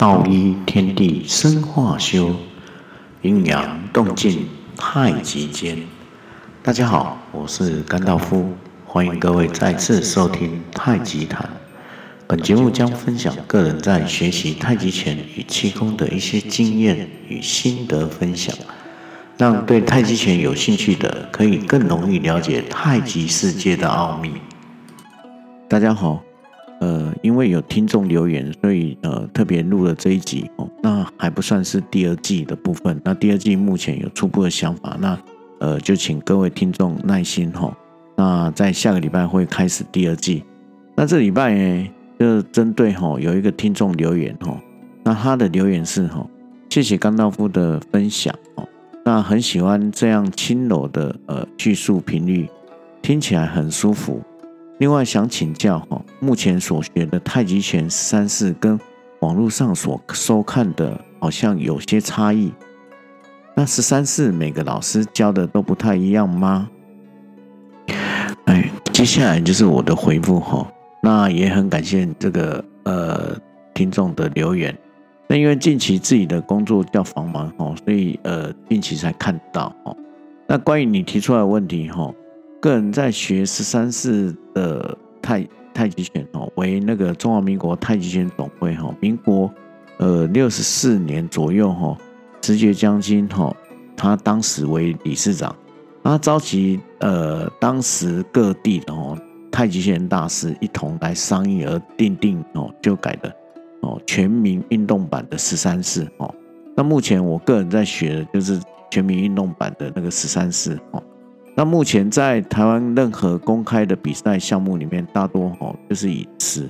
道依天地生化修，陰陽動靜太極間。大家好，我是甘道夫，歡迎各位再次收聽《太極談》。本節目將分享個人在學習太極拳與氣功的一些經驗與心得分享，讓對太極拳有興趣的可以更容易了解太極世界的奧秘。大家好。呃，因為有聽眾留言，所以呃特別錄了這一集哦。那還不算是第二季的部分。那第二季目前有初步的想法，那呃就請各位聽眾耐心吼、哦、那在下個禮拜會開始第二季。那這禮拜呢，就針對吼、哦、有一個聽眾留言吼、哦、那他的留言是吼、哦、謝謝甘道夫的分享哦。那很喜歡這樣輕柔的呃敘述頻率，聽起來很舒服。另外想請教哈，目前所學的太極拳十三式跟網絡上所收看的好像有些差異。那十三式每個老師教的都不太一樣嗎？哎，接下來就是我的回復哈。那也很感謝這個呃聽眾的留言。那因為近期自己的工作較繁忙，所以呃近期才看到。那關於你提出來的問題哈，個人在學十三式。呃，太太極拳哦，為那個中華民國太極拳總會哈、哦，民國呃六十四年左右哈、哦，石覺將軍哈、哦，他當時為理事長，他召集呃當時各地的、哦、太極拳大師一同來商議而訂定哦，就改的哦，全民運動版的十三式哦，那目前我個人在學的就是全民運動版的那個十三式哦。那目前在台灣任何公開的比賽項目裡面，大多哦就是以此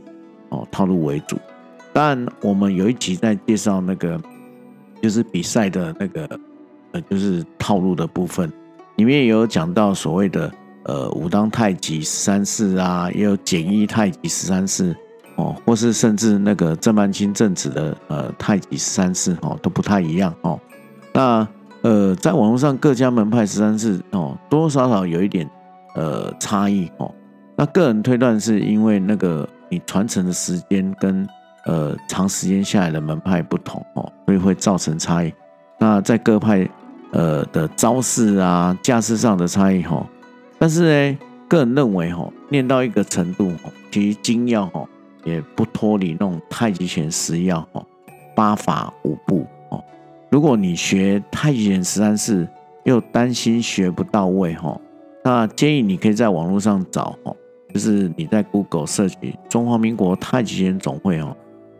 哦套路為主。但我們有一集在介紹那個就是比賽的那個呃就是套路的部分，裡面也有講到所謂的呃武當太極十三式啊，也有簡易太極十三式哦，或是甚至那個鄭曼青鄭子的呃太極十三式哦都不太一樣哦。那呃，在網絡上各家門派十三式哦，多多少少有一點呃差異哦。那個人推斷是因為那個你傳承的時間跟呃長時間下來的門派不同哦，所以會造成差異。那在各派呃的招式啊、架勢上的差異哈、哦，但是呢，個人認為哈，練、哦、到一個程度，其實精要哈也不脫離那種太極拳十要哈，八法五步。如果你學太極拳十三式，又擔心學不到位，那建議你可以在網絡上找，就是你在 Google search 中華民國太極拳總會哦，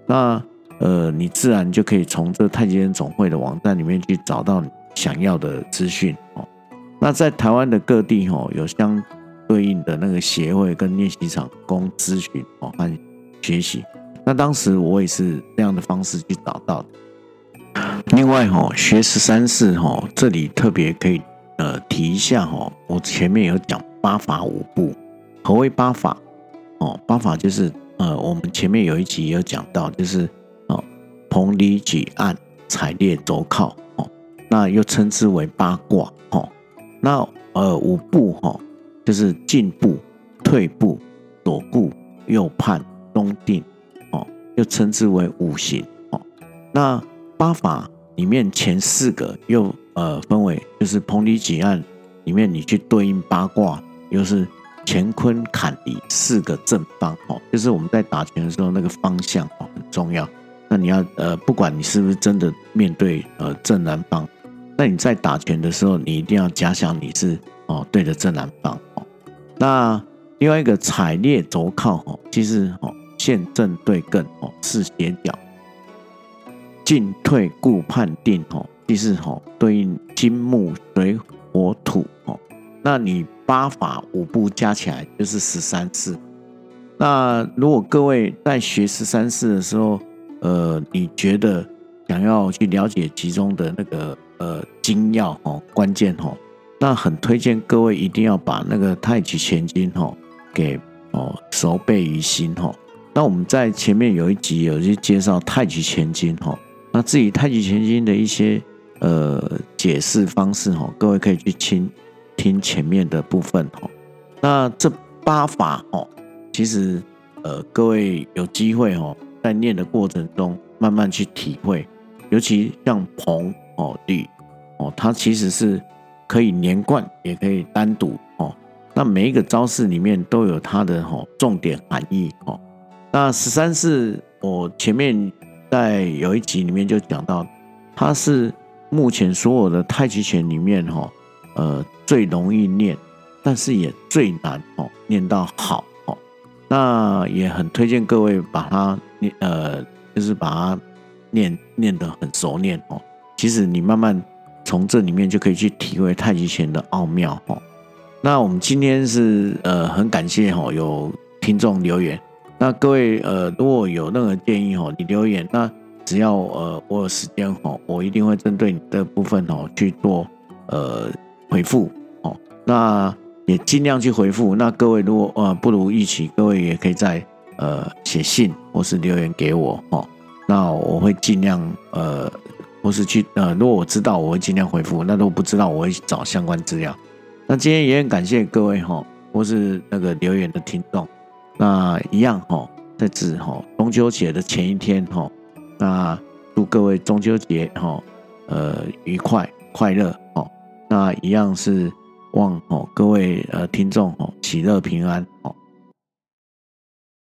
那呃你自然就可以從這太極拳總會的網站裡面去找到你想要的資訊。那在台灣的各地有相對應的那個協會跟練習場供諮詢和學習。那當時我也是這樣的方式去找到的。另外哈、哦，學十三式哈、哦，這裡特別可以呃提一下哈、哦，我前面有講八法五步，何為八法？哦，八法就是呃，我們前面有一集有講到，就是哦，掤、呃、捋、擠、按、採、挒、肘、靠哦，那又稱之為八卦哦，那呃，五步哈、哦，就是進步、退步、左顧、右盼、中定哦，又稱之為五行哦。那八法裡面前四個又呃分為，就是掤、捋、擠、按，裡面你去對應八卦，又、就是乾坤坎離四個正方哦，就是我們在打拳的時候那個方向哦，很重要。那你要呃，不管你是不是真的面對呃正南方，那你在打拳的時候你一定要假想你是哦對着正南方哦。那另外一個採挒肘靠吼、哦，其實哦巽震兌艮哦是斜角。進退顧盼定吼，第四吼對應金木水火土吼，那你八法五步加起來就是十三式。那如果各位在學十三式的時候，呃，你覺得想要去了解其中的那個呃精要吼關鍵吼，那很推薦各位一定要把那個太極拳經吼給哦熟背於心吼。那我們在前面有一集有去介紹太極拳經吼。那至於太極拳經的一些呃解釋方式哦，各位可以去聽聽前面的部分哦。那這八法哦，其實呃，各位有機會哦，在練的過程中慢慢去體會，尤其像掤哦、捋哦，它其實是可以連貫，也可以單獨哦。那每一個招式裡面都有它的哈、哦、重點含義哦。那十三式我前面，在有一集裡面就講到，它是目前所有的太極拳裡面哈、哦，呃，最容易練，但是也最難哦，練到好哦，那也很推薦各位把它練，呃，就是把它練練得很熟練哦。其實你慢慢從這裡面就可以去體會太極拳的奧妙哦。那我們今天是呃，很感謝哦，有聽眾留言。那各位，呃，如果有任何建議哦，你留言，那只要呃我有時間哦，我一定會針對你的部分哦去做呃回復哦。那也盡量去回復。那各位如果呃不如一起，各位也可以在呃寫信或是留言給我哦。那我會盡量呃或是去呃，如果我知道我會盡量回復，那如果不知道我會找相關資料。那今天也很感謝各位哦，或是那個留言的聽眾。那一樣哈、哦，在此哈、哦，中秋節的前一天哈、哦，那祝各位中秋節哈、哦，呃，愉快快樂哦。那一樣是望哦，各位呃聽眾哦，喜樂平安哦。